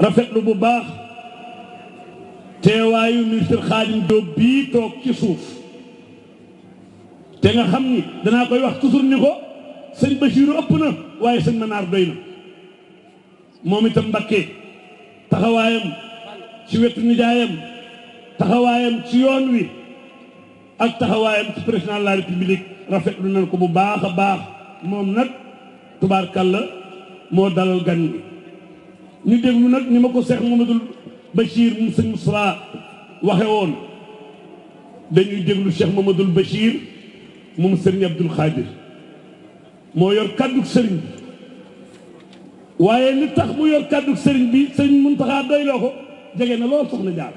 rafetlu bu baax teewaayu ministre Khadim Diop bii toog ci suuf te nga xam ni danaa koy wax toujours ni ko sëñ Bachirou ëpp na waaye sëñ Manar doy na moom itam Mbakke taxawaayam ci wetu nijaayam taxawaayam ci yoon wi ak taxawaayam ci président de la république rafetlu nañ ko bu baax a baax moom nag tubaarkàlla moo dalal gan wi ñu déglu nag ni ma ko Cheikh Mamadou Bachir mu sëñ Moustapha waxe woon dañuy déglu Cheikh Mamadou Bachir moom sëriñ Abdoul Khadir moo yor kàddug sëriñ bi waaye li tax mu yor kàddug sëriñ bi sëriñ Muntaxa doyloo ko jege na lool soxna jaar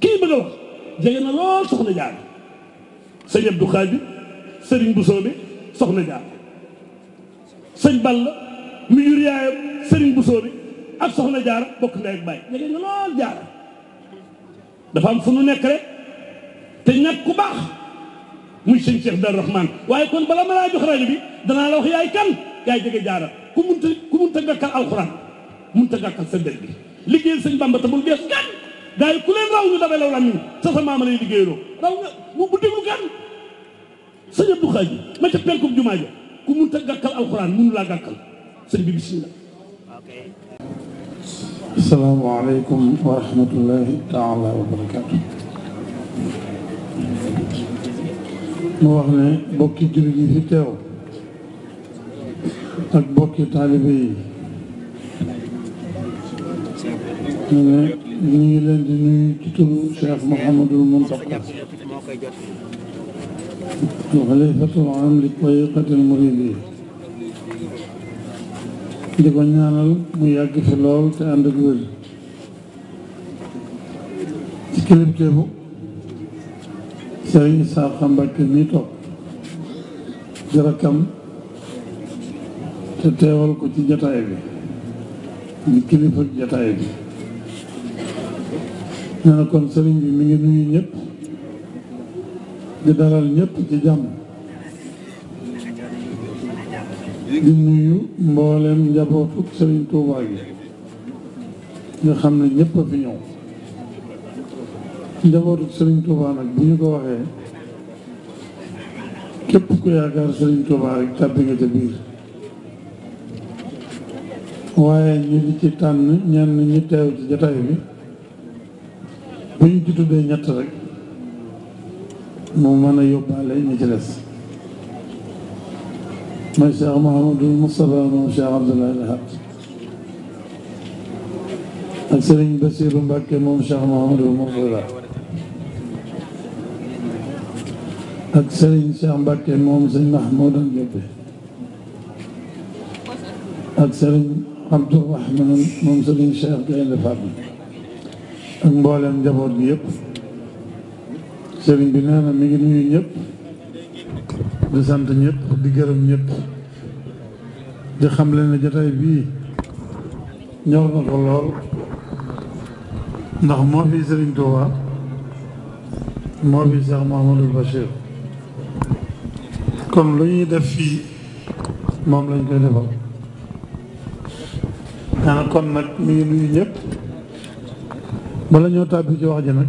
kii bëgg a wax jege na lool soxna jaar sëriñ Abdoul Khadir sëriñ Bousso bi soxna jaar sëñ Balla mi jur yaayam sëriñ bu sóori ak soxna jaar bokk ndey ak baay jege ñu lool jaara dafa am fu nu nekk rek te ñàkk ku baax muy sëñ Cheikh Dar Rahman waaye kon bala ma laa jox rajo bi danaa la wax yaay kan yaay jege jaara ku munta ku munta gàkkal alxuraan munta gàkkal sa sëñ Bamba te bul bees gan gaa yi ku leen raw ñu dabee law la ñun sa sa maama lay liggéeyaloo raw nga mu bu déglu gan sëñ gàkkal alxuraan mënu laa gàkkal sëñ bi bismillah السلام عليكم ورحمة الله تعالى وبركاته. موحنا بوكي جلجي فيتيو اك بوكي طالبي نيلان دي نيو تتو شيخ محمد المنطقة وخليفة العام لطريقة المريدين di ko ñaanal mu yàgg fi lool te ànd ak wér ci kilifteefu Sëriñ Isaaxa Mbàkke mi toog di rakkam te teewal ko ci jataay bi di kilifa jataay bi nee kon sëriñ bi mu ngi nuyu ñépp di dalal ñëpp ci jàmm di nuyu mboolem njabootu Serigne Touba gi nga xam ne ñëpp a fi ñëw njabootu Serigne Touba nag bu ñu ko waxee képp ku yaakaar Serigne Touba rek tàbbi nga ca biir waaye ñu di ci tànn ñenn ñi teew ci jataay bi bu ñu ci tuddee ñett rek moo mën a yóbbaale ñi ci ما شاء محمد المصطفى وما شاء عبد الله الحق السليم بسير بك ما شاء محمد المصطفى أكثرين السليم بك مبكر ومسلم محمود الجبه أكثرين عبد الرحمن ومسلم شيخ جيل فاطمه mboolem njaboot bi سرين sëriñ bi يب, na di sant ñëpp di gërëm ñëpp di xam leen ne jotaay bii ñor na ko lool ndax moo fi Sëriñ Tuuba moo fi Cheikh Mouhamadul Bachir kon lu ñuy def fii moom lañ koy defal xanaa kon nag mi ngi nuyu ñëpp ñoo tàbbi ci wax ji nag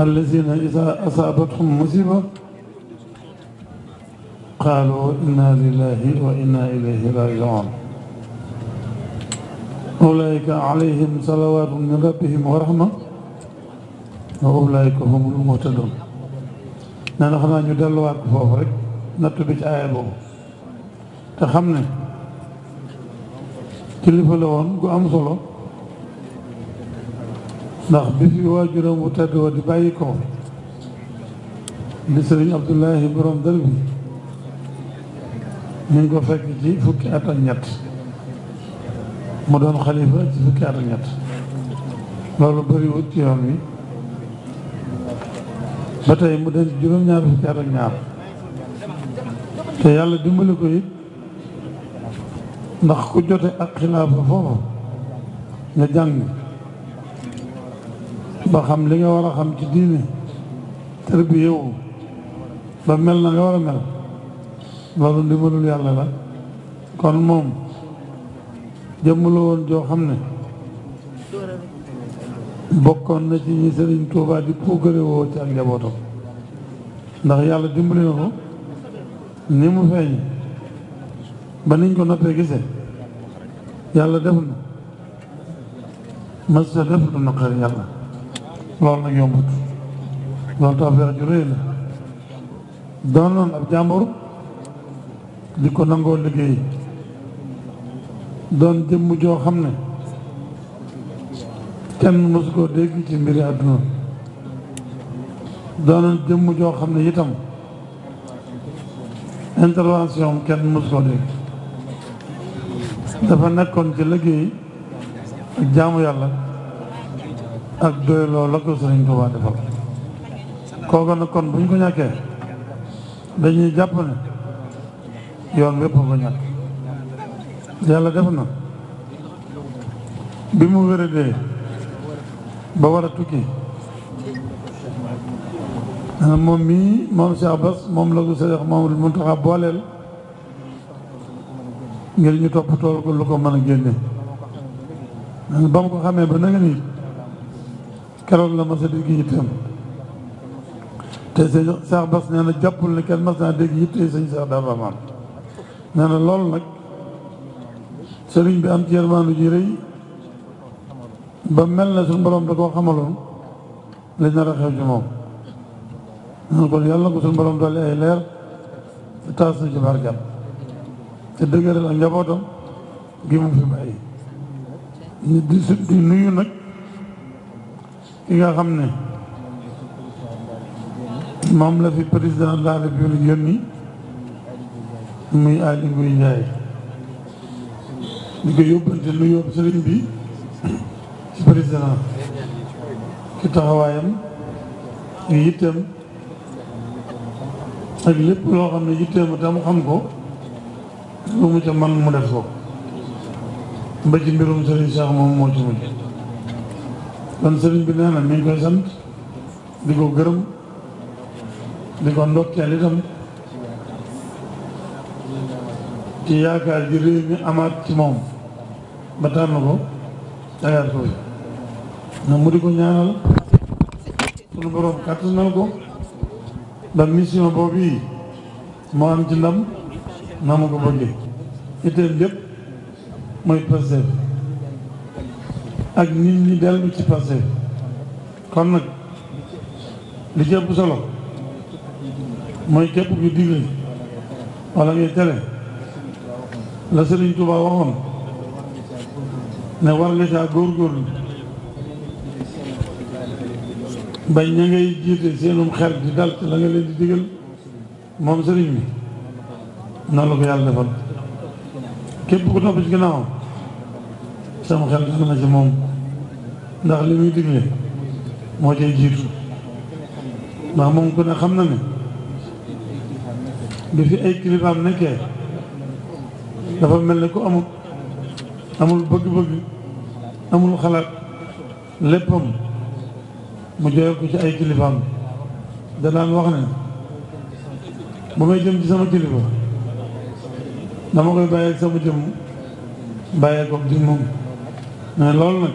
الذين إذا أصابتهم مصيبة قالوا إنا لله وإنا إليه راجعون أولئك عليهم صلوات من ربهم ورحمة وأولئك هم المهتدون نحن خنا ñu delluwaat ko foofu rek natt bi ci aaya ndax bis bi waajuram bu tedd wa di bàyyi ko di sëriñ Abdullahi borom dël bi ñu ngi ko fekk ci fukki at ak ñett mu doon xalifa ci fukki at ak ñett loolu bëriwut ci yoon wi ba tey mu des juróom-ñaar fukki at ak ñaar te yàlla dimbali ko it ndax ku jote ak xilaafa foofu nga jàng ba xam li nga war a xam ci diine tarbiya wu ba mel na nga war a mel loolu ndimbalul yàlla la kon moom jëmm la woon joo xam ne bokkoon na ci ñi sëriñ Tuubaa di puugare woo ci ak njabootam ndax yàlla dimbali na ko ni mu feeñ ba niñ ko noppee gise yàlla def na mas sa def lu naqar yàlla loolu nag yombut loolu tawfeex ju la doon noonu ab jàmbur di ko nangoo liggéey doon jëmm joo xam ne kenn mësu koo dégg ci mbiri àdduna doonoon jëmm joo xam ne itam intervention kenn mësu koo dégg dafa nekkoon ci liggéey ak jaamu yàlla ak doyloo la ko sëriñ Tuubaa defal kooku nag kon buñ ko ñaké dañuy japp ne yoon wépp ko ñak yalla def na bi mu dé ba wara tukki mom mi mom Cheikh abbas mom la ko Cheikh Mamadou Mountakha booleel ngir ñu top tool ko lu ko mën a ba mu ko xamé ba nga nii keroog la mas a dégg yitteem te sëñ Cheikh Bass nee na jàppul ne kenn mas naa dégg yittee sëñ Cheikh Darou Rahmane nee na loolu nag sëriñ bi am ci yërmaanu ji rëy ba mel na suñu borom da koo xamaloon lañ nar a xew ci moom nonu kon yàlla ko suñu borom dolli ay leer te taas na ci barkat te dëgëral ak njabootam gi mu fi bàyyi di nuyu nag ki nga xam ne moom la fi président de la république yónni muy Aly Ngouille Ndiaye di ko yóbbante lu yóbbu sëriñ bi ci président ci taxawaayam yu yitteem ak lépp loo xam ne yitteem tam xam ko lu mu man mu def ko ba ci mbirum sëriñ Cheikh moom moo ci mujj kon sëriñ bi nee na mi ngi koy sant di ko gërëm di ko ndokkeel itam ci yaakaar ji réew mi amaat ci moom ba tànn ko dagaar ko na mu di ko ñaanal sunu borom kàttanal ko ba mission boobu yi moo am ci ndam na mu ko bëggee itteem lépp mooy Pastef ak nit ñi dellu ci passé kon nag li ci ëpp solo mooy képp ku digle wala ngay tere la Sëriñ Tuubaa waxoon ne war nga caa góorgóorlu bañ ña ngay jiite seenum xel di dal ci la nga di digal moom sëriñ bi noonu la ko yàlla defal képp ku topp ci ginnaawam sama xel dal na ci moom ndax li muy digle moo cay jiitu ndax moom ku ne xam na ne bi fi ay kilifaam nekkee dafa mel ne ku amul amul bëgg-bëgg amul xalaat léppam mu joxe ko ci ay kilifaam danaan wax ne bu may jëm ci sama kilifa dama koy bàyyi sama jëm bàyyee ko di moom mais loolu nag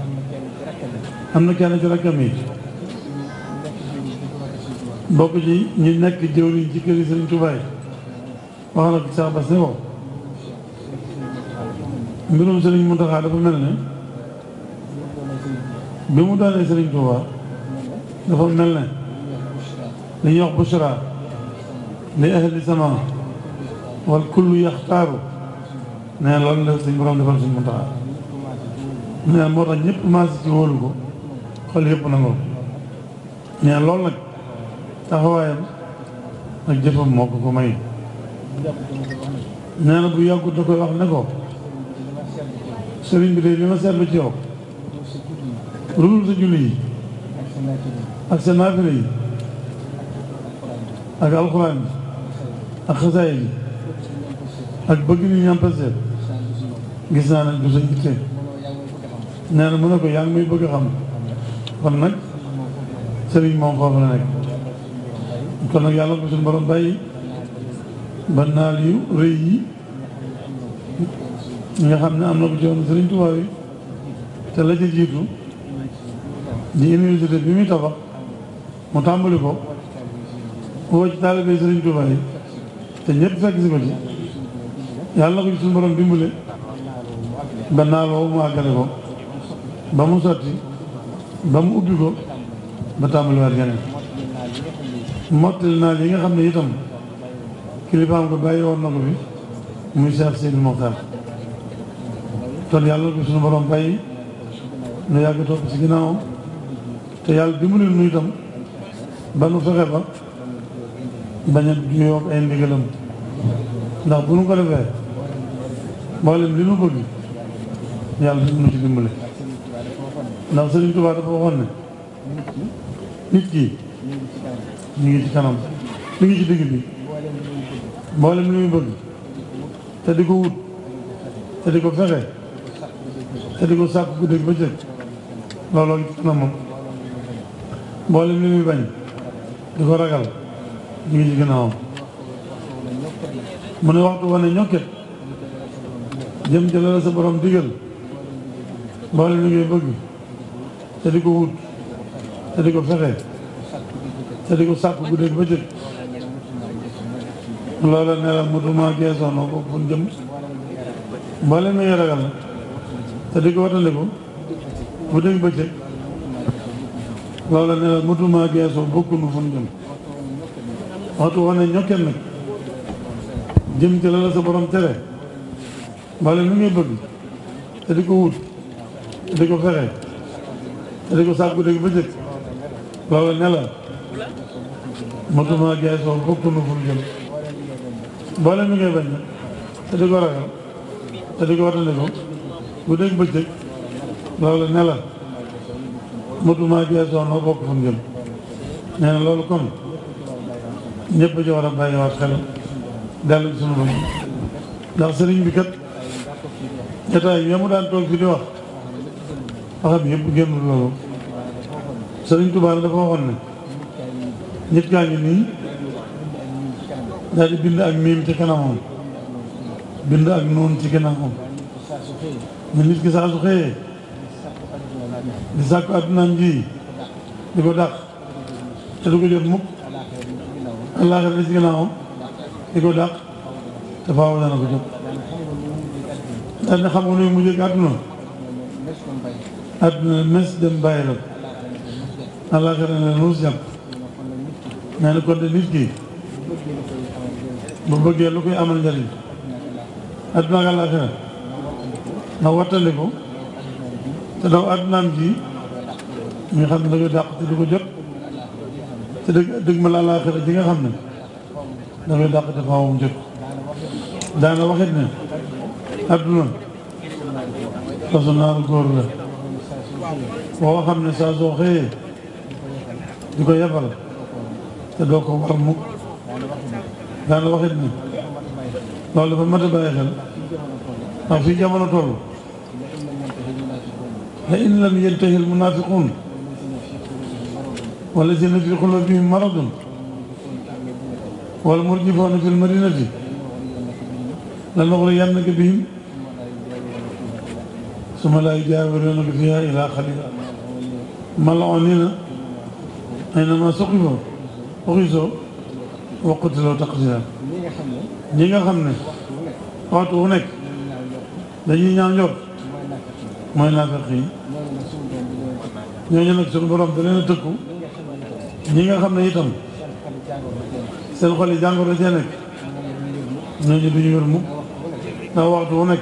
am na kenn ci rakkam yi bokk ci ñi nekk jëwriñ ci kër yi Sëriñ Tuubaa wax na ko sax bas ne ko mbirum Muntaxaa dafa mel ne bi mu doonee Sëriñ Tuubaa dafa mel ne li ñuy wax bushra li ahli sama wal kullu yaxtaaru nee loolu la suñ borom defal Sëriñ Muntaxaa nee moo tax ñëpp maas ci wóolu ko xol yëpp nangoo nee loolu nag taxawaayam ak jëfam moo ko ko may nee na bu yàggut da koy wax ne ko sëriñ bi de li ma seetlu ci yow rulul ak sa naafile yi ak alxuraan ak xasaay bi ak bëgg ni ñampaseet gis naa ne du sa nee na mu ne ko yaa ngi may bëgg a kon nag sëriñ moom nekk kon nag yàlla ko suñu borom bàyyi ba naal nga xam ne am na ko jiitu di bi muy tabax mu tàmbali ko woo ci taalibe sëriñ Tuubaa si ko ci yàlla ko suñu borom dimbale ba naal mu àggale ko ba mu sotti ba mu ubbi ko ba tàmbaliwaat geneen mottali naa li nga xam ne itam kilifaam ko bàyyi woon na ko fi muy Cheikh Sidi Mokhtar kon yàlla ko suñu borom bàyyi nu yàgg topp ci ginnaawam te yàlla dimbali nu itam ba nu fexe ba bañ a juyoo ay ndigalam ndax bu nu ko defee mboolem li nu bëgg yàlla dina ci dimbali ndax Sëriñ Tuubaa dafa waxoon ne nit ki mi ngi ci kanam mi ngi ci digg bi mboolem li muy bëgg te di ko wut te di ko fexe te ko sàkk guddi ak bëccëg looloo ngi ci kanamam mboolem li muy bañ di ko ragal mi ngi ci mu ne waxtu wane ñokket jëm jëlal sa borom digal mboolem li ngay bëgg te di ko wut te di ko fexe te di ko sàkku guddeeg bëccëg loola ne la mutuma geesoon na ko fu ñu jëm mboolem mi ngi te di ko watandiku guddeeg bëccëg loola ne la mutuma geesoo bokkunu fu ñu waxtu woon ne ñokkee nag jëm ci la sa borom tere mboolem mi ngay bëgg te di ko wut te di ko fexe di ko sàkku dégg ba njëkk waaw ne la matuma jaay sool bokk na fu mu jëm bañ na te di ko ragal te di ko wattandiku bu dégg ba njëkk loolu ne la matuma jaay sool ma bokk fu mu jëm nee na loolu kon ñëpp ci war a bàyyiwaat xel dellu sunu bopp ndax sëriñ bi kat jotaay yi mu daan toog fi di wax arab yëpp génn loolu Sëriñ Tuubaa dafa waxoon ne nit kaa ngi nii daal di bind ak miim ci kanamam bind ak noon ci kanamam ne nit ki saa su xëyee di sàkku addunaam ji di ko dàq te ko jot mukk àllaaxira di ci gannaawam di ko dàq te faaw dana jot daal di xam nga nuy mujjee àdduna dem bàyyi la ko àllaaxira ne ruus jàpp nee na kon de nit ki bu bëggee lu koy amal njëriñ adduna ak àllaaxira na wattali ko te daw addunaam ji ñu xam ne da koy dàq te du ko jot te dëgg dëgg ma la àllaaxira ji nga xam ne da koy dàq te faaw mu jot daana waxit ne adduna façon naaru góor la oo xam ne saa soo xëyee di ko yebal te doo ko war mu daan la waxit ni loolu dafa mat a bàyyi xel ndax fii jamono toll la in lam yantahi al munafiqun والذين في قلوبهم مرض والمرجفون في المدينة لنغرينك بهم ثم لا يجاورونك فيها الى خليل ملعونين اينما سقفوا اغيثوا وقتلوا تقديرا نيغا خامني قاتو هناك داني نيان يوب موي نافقي نيو نيو سن بروم دلين تكو نيغا خامني ايتام سن خولي جانغورو جينك نيو ني دوني يورمو نا واخدو هناك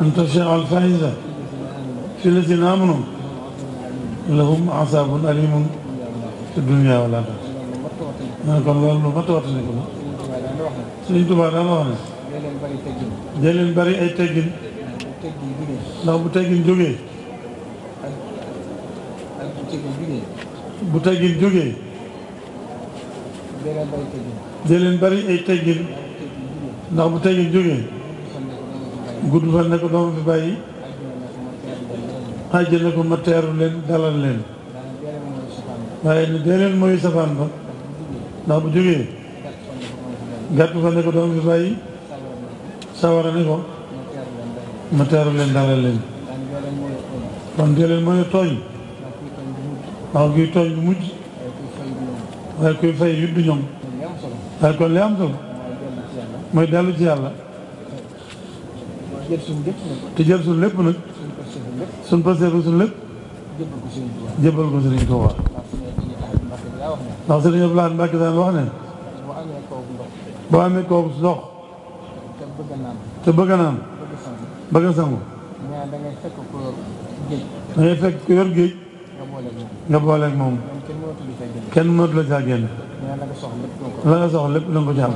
أن تشاع الفائدة في الذين آمنوا لهم عذاب أليم في الدنيا والآخرة ما قالوا بطوة سيدو بعد الله جيل البري أي تجن لا بتجن جوجي بتجن جوجي جيل البري أي تجن لا بتجن جوجي gudd fan ne ko fi bàyyi àjjana ko ma teeru leen dalal leen waaye ne dee leen mooy safaan ba ndax bu jógee gàtt fan ne ko dooma fi bàyyi sawara ne ko ma teeru leen dalal leen kon dee leen mooy tooñ waaw kuy tooñ bu mujj waaye kuy fay yuddu ñoom waaye kon li am solo mooy dellu ci yàlla jël suñu lépp nag. te jël suñu lépp nag. suñu passé fa suñu lépp. ko Sëriñ Tuubaa. ndax Sëriñ Abdou Lahad Mbacke wax ne. boo amee ko ndox. te bëgg a naan. bëgg a sangu. da ngay ku yor géej. da ngay fekk ku moom. kenn mënatu la caa la nga soxla lépp da nga ko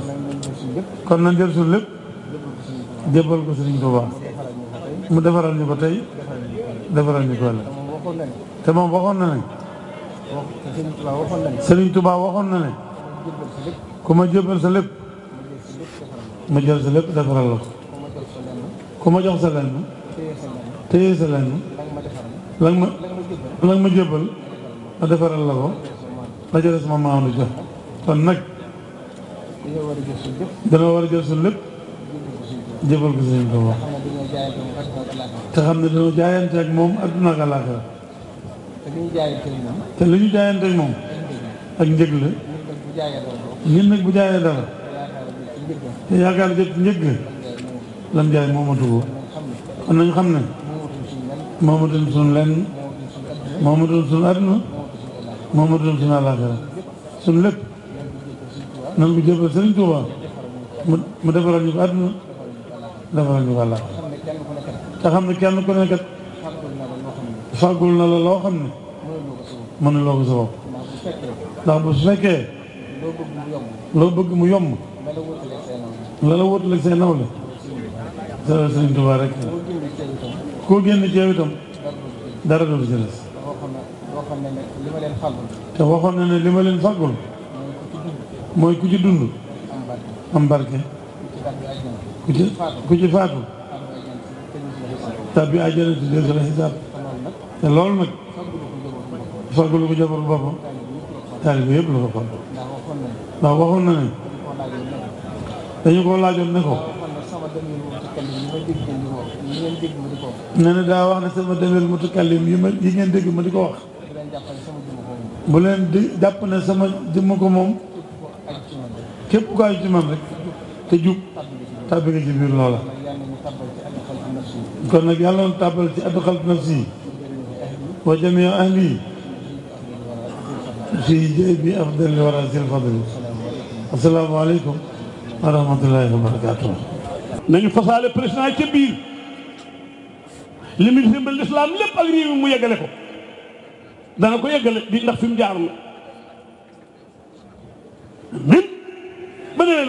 ci kon nañ jël suñu lépp. jébbal ko serigne touba mu defaral ni ko tey defaral ni ko la te mom waxon na ne serigne touba waxon na ne kuma ma sa lepp ma jël sa lepp defaral la kuma ma jox sa lenn téye sa lenn la ma la ma jébbal ma defaral la ko ma jëlee sama maam jox kon nak dana war a jël jëfal ko sëriñ Tuuba te xam ne dañoo jaayante ak moom adduna ak àllaaxira te lu ñu jaayante ak moom ak njëg la ñun bu jaayee dara te yaakaar jot njëg lan jaay moomatu ko kon nañ xam ne moomatuñ suñ lenn moomatuñ suñ adduna moomatuñ suñ àllaaxira suñ lépp nan ko jëfal sëriñ Tuuba mu defaral ñu ko adduna defal ñu ko te xam ne kenn ku fàggul na la loo xam ne mënuloo ko sa bopp ndax bu fekkee loo bëgg mu yomb la la wutaleeg say nawle sa sëriñ Tuubaa rek koo génn ceew itam dara du ci des te waxoon na ne li ma leen fàggul mooy ku ci dund am barke ku ci ku ci faatu tàbbi àjjana di dee seen xisaab te loolu nag faggalu ko jabar boppam taalibe yëpp la ko fagg ndax waxoon na ne dañu ko laajoon ne ko nee daa wax ne sama demel mutakallim yi ma yi ngeen dégg ma di ko wax bu leen di jàpp ne sama jëmm ko moom képp ko aju ci rek te jub tàbbi nga ci biir loola kon nag yàlla na tàbbal ci addu xalb nafsi wa jamii ahli si jëy bi afdal li wara sil fadli asalaamaaleykum wa rahmatullahi wa barakatuh nañu fasaale président ca biir li mu simbal lislaam lépp ak réew mi mu yeggale ko dana ko yeggale di ndax fi mu jaar la min ba